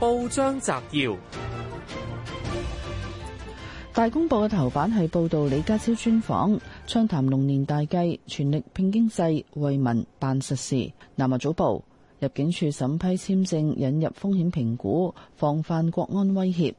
報章摘要：大公報嘅頭版係報道李家超專訪，暢談龍年大計，全力拼經濟，為民辦實事。南華早報：入境處審批簽證引入風險評估，防範國安威脅。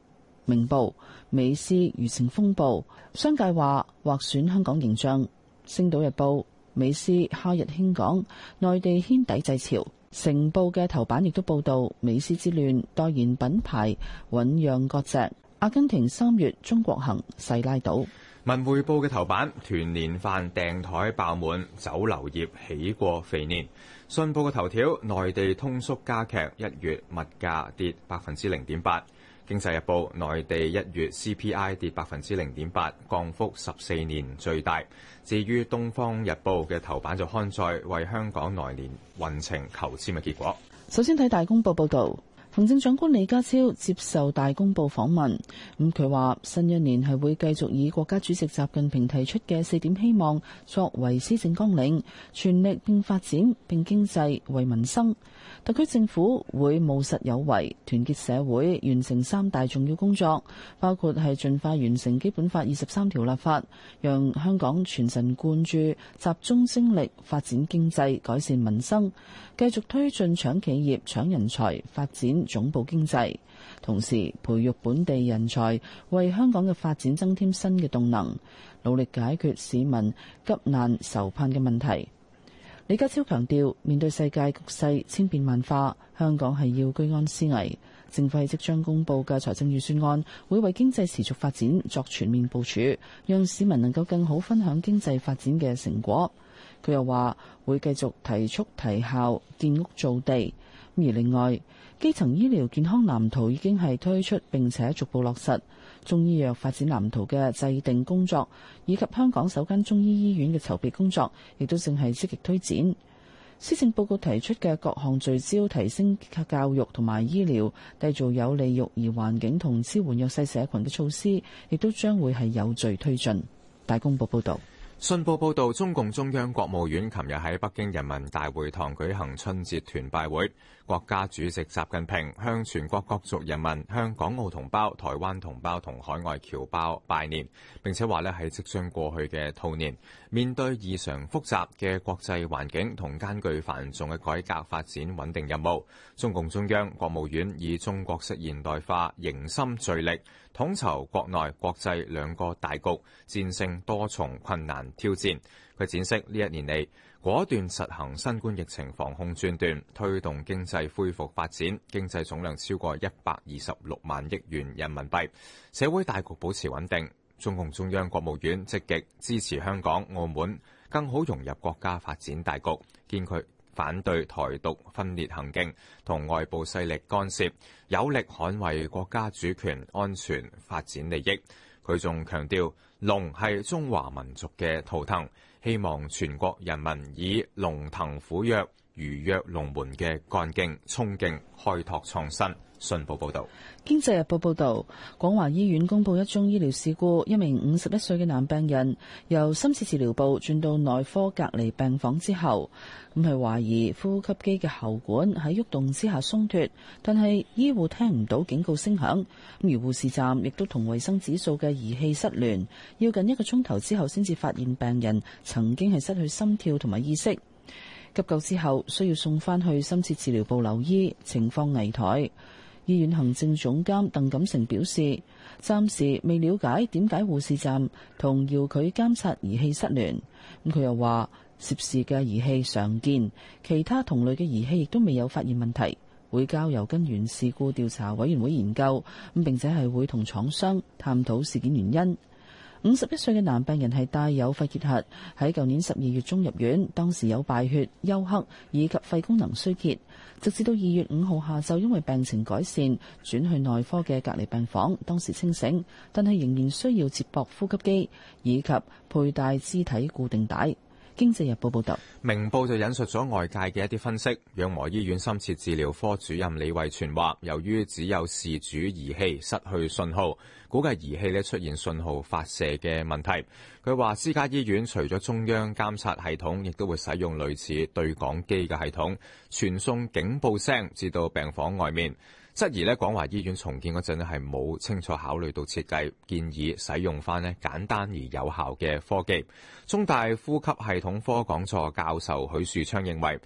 明報：美斯輿情風暴，商界話或損香港形象。星島日報：美斯哈日輕港，內地掀抵制潮。《成報》嘅頭版亦都報道美斯之亂代言品牌醞釀割席，阿根廷三月中國行細拉倒。《文匯報》嘅頭版團年飯訂台爆滿，酒樓業起過肥年。信報嘅頭條，內地通縮加劇，一月物價跌百分之零點八。經濟日報，內地一月 CPI 跌百分之零點八，降幅十四年最大。至於《東方日報》嘅頭版就刊載為香港來年運程求籤嘅結果。首先睇大公報報導。行政長官李家超接受大公報訪問，咁佢話新一年係會繼續以國家主席習近平提出嘅四點希望作為施政綱領，全力拼發展拼經濟為民生。特區政府會務實有為，團結社會，完成三大重要工作，包括係盡快完成基本法二十三條立法，讓香港全神貫注、集中精力發展經濟、改善民生，繼續推進搶企業、搶人才，發展。總部經濟，同時培育本地人才，為香港嘅發展增添新嘅動能，努力解決市民急難愁盼嘅問題。李家超強調，面對世界局勢千變萬化，香港係要居安思危。政府係即將公布嘅財政預算案，會為經濟持續發展作全面部署，讓市民能夠更好分享經濟發展嘅成果。佢又話會繼續提速提效，建屋造地。而另外。基層醫療健康藍圖已經係推出並且逐步落實，中醫藥發展藍圖嘅制定工作以及香港首間中醫醫院嘅籌備工作，亦都正係積極推展。施政報告提出嘅各項聚焦提升教育同埋醫療，締造有利育兒環境同支援弱勢社群嘅措施，亦都將會係有序推進。大公報報道。信報報道，中共中央國務院琴日喺北京人民大會堂舉行春節團拜會，國家主席習近平向全國各族人民、向港澳同胞、台灣同胞同海外僑胞拜年，並且話呢喺即將過去嘅兔年，面對異常複雜嘅國際環境同艱巨繁重嘅改革發展穩定任務，中共中央國務院以中國式現代化凝心聚力。統籌國內國際兩個大局，戰勝多重困難挑戰。佢展示呢一年嚟，果斷實行新冠疫情防控轉段，推動經濟恢復發展，經濟總量超過一百二十六萬億元人民幣，社會大局保持穩定。中共中央國務院積極支持香港、澳門更好融入國家發展大局，堅決。反對台獨分裂行徑同外部勢力干涉，有力捍衛國家主權安全發展利益。佢仲強調，龍係中華民族嘅圖騰，希望全國人民以龍騰虎躍、如躍龍門嘅幹勁、衝勁開拓創新。信報報導，《經濟日報》報導，廣華醫院公布一宗醫療事故，一名五十一歲嘅男病人由深切治療部轉到內科隔離病房之後，咁係懷疑呼吸機嘅喉管喺喐動之下鬆脱，但係醫護聽唔到警告聲響。咁而護士站亦都同衛生指數嘅儀器失聯，要近一個鐘頭之後先至發現病人曾經係失去心跳同埋意識。急救之後，需要送翻去深切治療部留醫，情況危殆。醫院行政總監鄧錦成表示，暫時未了解點解護士站同遙距監察儀器失聯。咁佢又話，涉事嘅儀器常見，其他同類嘅儀器亦都未有發現問題，會交由根源事故調查委員會研究。咁並且係會同廠商探討事件原因。五十一歲嘅男病人係帶有肺結核，喺舊年十二月中入院，當時有敗血、休克以及肺功能衰竭，直至到二月五號下晝，因為病情改善，轉去內科嘅隔離病房，當時清醒，但係仍然需要接駁呼吸機以及佩戴肢體固定帶。經濟日報報導，明報就引述咗外界嘅一啲分析。養和醫院深切治療科主任李惠全話，由於只有事主儀器失去信號，估計儀器出現信號發射嘅問題。佢話私家醫院除咗中央監察系統，亦都會使用類似對講機嘅系統，傳送警報聲至到病房外面。質疑廣華醫院重建嗰陣咧，係冇清楚考慮到設計，建議使用翻簡單而有效嘅科技。中大呼吸系統科講座教授許樹昌認為，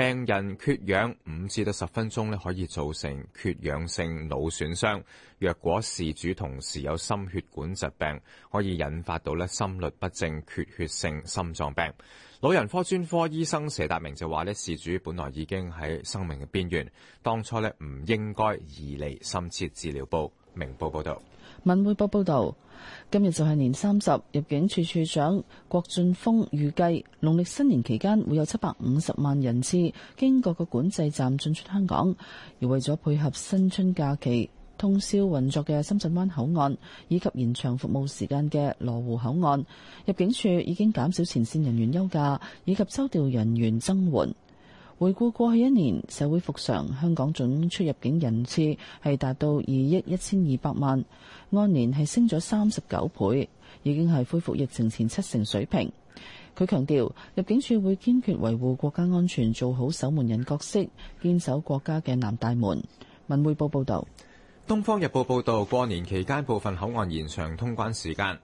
病人缺氧五至到十分鐘咧，可以造成缺氧性腦損傷。若果事主同時有心血管疾病，可以引發到咧心律不正、缺血性心臟病。老人科專科醫生佘達明就話咧，事主本來已經喺生命嘅邊緣，當初咧唔應該移離深切治療部。明報報道。文匯報報道，今日就係年三十，入境處處長郭俊峰，預計農曆新年期間會有七百五十萬人次經各個管制站進出香港。而為咗配合新春假期通宵運作嘅深圳灣口岸，以及延長服務時間嘅羅湖口岸，入境處已經減少前線人員休假，以及抽調人員增援。回顧過去一年，社會復常，香港總出入境人次係達到二億一千二百萬，按年係升咗三十九倍，已經係恢復疫情前七成水平。佢強調，入境處會堅決維護國家安全，做好守門人角色，堅守國家嘅南大門。文匯報報道，《東方日報》報道，過年期間部分口岸延長通關時間，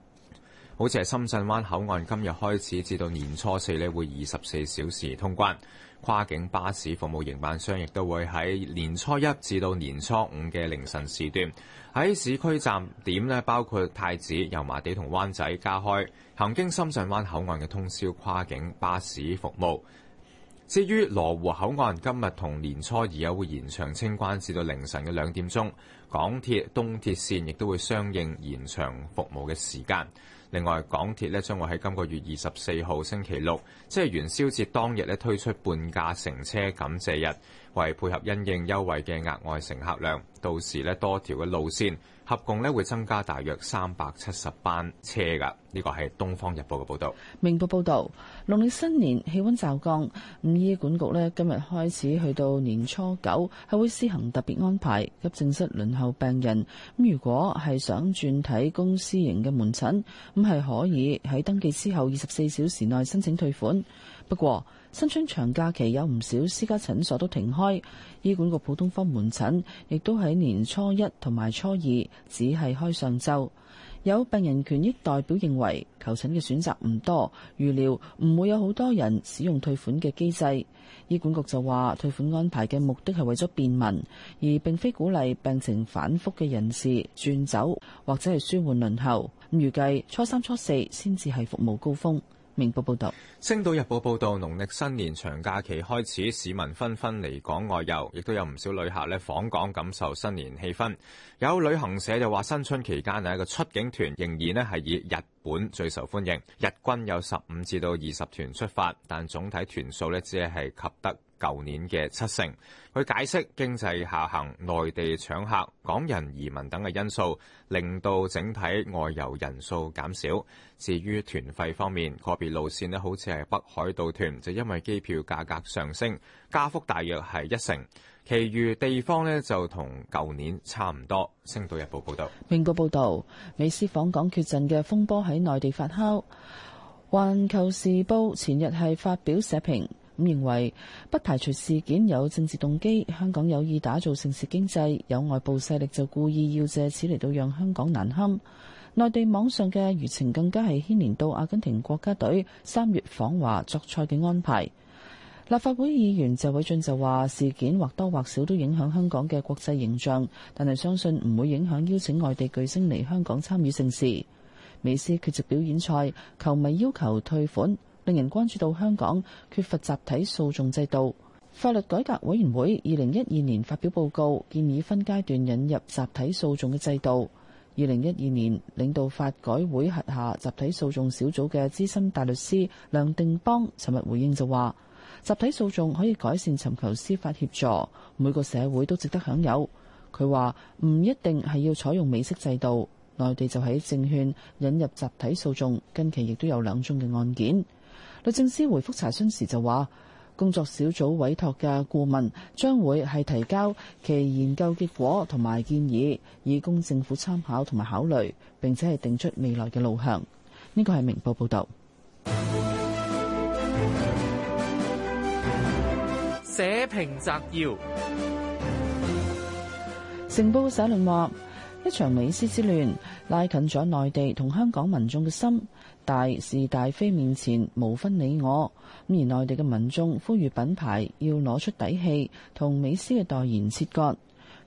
好似係深圳灣口岸，今日開始至到年初四咧，會二十四小時通關。跨境巴士服務營辦商亦都會喺年初一至到年初五嘅凌晨時段，喺市區站點呢，包括太子、油麻地同灣仔加開行經深圳灣口岸嘅通宵跨境巴士服務。至於羅湖口岸今日同年初二會延長清關至到凌晨嘅兩點鐘，港鐵東鐵線亦都會相應延長服務嘅時間。另外，港鐵咧將會喺今個月二十四號星期六，即係元宵節當日咧推出半價乘車感謝日，為配合因應優惠嘅額外乘客量。到時咧，多條嘅路線合共咧會增加大約三百七十班車噶。呢個係《東方日報》嘅報導。明報報道，農曆新年氣温驟降，咁醫管局咧今日開始去到年初九係會施行特別安排，急症室輪候病人。咁如果係想轉睇公私營嘅門診，咁係可以喺登記之後二十四小時內申請退款。不過新春長假期有唔少私家診所都停開，醫管局普通科門診亦都喺年初一同埋初二只係開上晝，有病人權益代表認為求診嘅選擇唔多，預料唔會有好多人使用退款嘅機製。醫管局就話退款安排嘅目的係為咗便民，而並非鼓勵病情反覆嘅人士轉走或者係舒緩輪候。咁預計初三、初四先至係服務高峰。明報報道，《星島日報》報導，農曆新年長假期開始，市民紛紛嚟港外遊，亦都有唔少旅客咧訪港感受新年氣氛。有旅行社就話，新春期間一個出境團仍然咧係以日本最受歡迎，日均有十五至到二十團出發，但總體團數呢只係及得。舊年嘅七成，佢解釋經濟下行、內地搶客、港人移民等嘅因素，令到整體外遊人數減少。至於團費方面，個別路線呢好似係北海道團，就因為機票價格上升，加幅大約係一成。其餘地方呢，就同舊年差唔多。星島日報報道。明報報道，美斯訪港缺陣嘅風波喺內地發酵。環球時報前日係發表社評。咁認為不排除事件有政治動機，香港有意打造城市經濟，有外部勢力就故意要借此嚟到讓香港難堪。內地網上嘅輿情更加係牽連到阿根廷國家隊三月訪華作賽嘅安排。立法會議員謝偉俊就話事件或多或少都影響香港嘅國際形象，但係相信唔會影響邀請外地巨星嚟香港參與盛事。美斯缺席表演賽，球迷要求退款。令人關注到香港缺乏集體訴訟制度。法律改革委員會二零一二年發表報告，建議分階段引入集體訴訟嘅制度。二零一二年，領導法改會轄下集體訴訟小組嘅資深大律師梁定邦，尋日回應就話：集體訴訟可以改善尋求司法協助，每個社會都值得享有。佢話唔一定係要採用美式制度，內地就喺證券引入集體訴訟，近期亦都有兩宗嘅案件。律政司回覆查詢時就話，工作小組委託嘅顧問將會係提交其研究結果同埋建議，以供政府參考同埋考慮，並且係定出未來嘅路向。呢個係明報報道。社評摘要，成報社論話，一場美斯之亂拉近咗內地同香港民眾嘅心。大是大非面前無分你我，而內地嘅民眾呼籲品牌要攞出底氣同美斯嘅代言切割。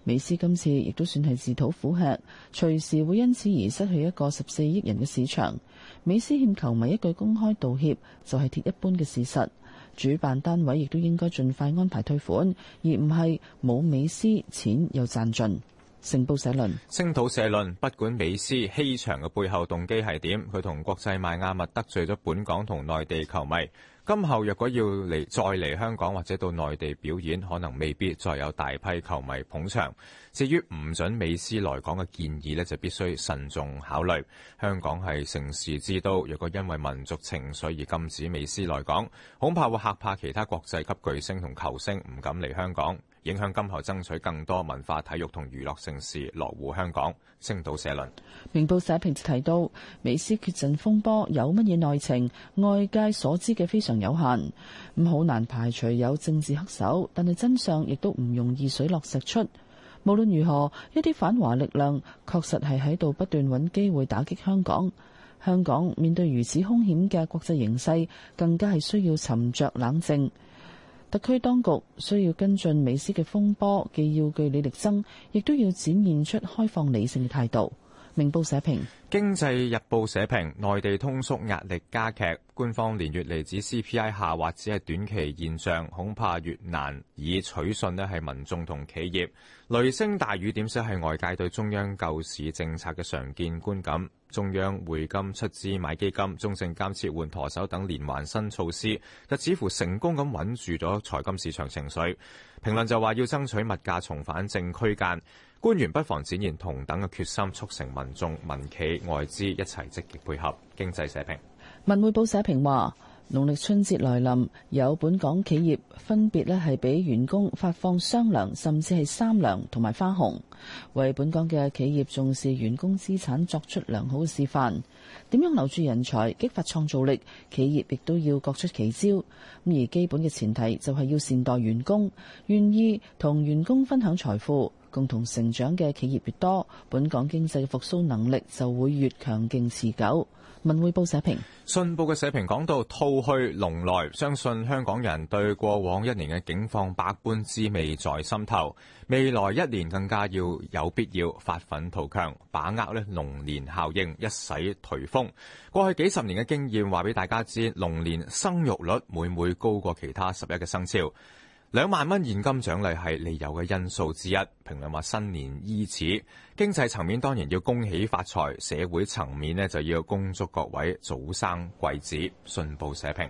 美斯今次亦都算係自討苦吃，隨時會因此而失去一個十四億人嘅市場。美斯欠球迷一句公開道歉，就係、是、鐵一般嘅事實。主辦單位亦都應該盡快安排退款，而唔係冇美斯錢又賺盡。成報社論聲討社論，不管美斯欺場嘅背後動機係點，佢同國際邁阿密得罪咗本港同內地球迷。今後若果要嚟再嚟香港或者到內地表演，可能未必再有大批球迷捧場。至於唔准美斯來港嘅建議咧，就必須慎重考慮。香港係盛事之都，若果因為民族情緒而禁止美斯來港，恐怕會嚇怕其他國際級巨星同球星唔敢嚟香港。影響今後爭取更多文化、體育同娛樂盛事落戶香港。星島社論，明報社評就提到，美斯缺陣風波有乜嘢內情，外界所知嘅非常有限，咁好難排除有政治黑手，但係真相亦都唔容易水落石出。無論如何，一啲反華力量確實係喺度不斷揾機會打擊香港。香港面對如此兇險嘅國際形勢，更加係需要沉着冷靜。特區當局需要跟進美斯嘅風波，既要據理力爭，亦都要展現出開放、理性嘅態度。明報社評，《經濟日報》社評：內地通縮壓力加劇，官方連月嚟，指 CPI 下滑只係短期現象，恐怕越難以取信呢係民眾同企業，雷聲大雨點小，係外界對中央救市政策嘅常見觀感。中央匯金出資買基金、中證監換舵手等連環新措施，就似乎成功咁穩住咗財金市場情緒。評論就話要爭取物價重返正區間，官員不妨展現同等嘅決心，促成民眾、民企、外資一齊積極配合經濟社評。文匯報社評話。農曆春節來臨，有本港企業分別咧係俾員工發放雙糧，甚至係三糧同埋花紅，為本港嘅企業重視員工資產作出良好示範。點樣留住人才、激發創造力，企業亦都要各出奇招。而基本嘅前提就係要善待員工，願意同員工分享財富。共同成長嘅企業越多，本港經濟嘅復甦能力就會越強勁持久。文匯報社評。信報嘅社評講到：兔去龍來，相信香港人對過往一年嘅境況百般滋味在心頭。未來一年更加要有必要發奮圖強，把握咧龍年效應一洗頹風。過去幾十年嘅經驗話俾大家知，龍年生育率每每高過其他十一個生肖。兩萬蚊現金獎勵係利誘嘅因素之一，評論話新年伊始，經濟層面當然要恭喜發財，社會層面呢就要恭祝各位早生貴子。信報社評。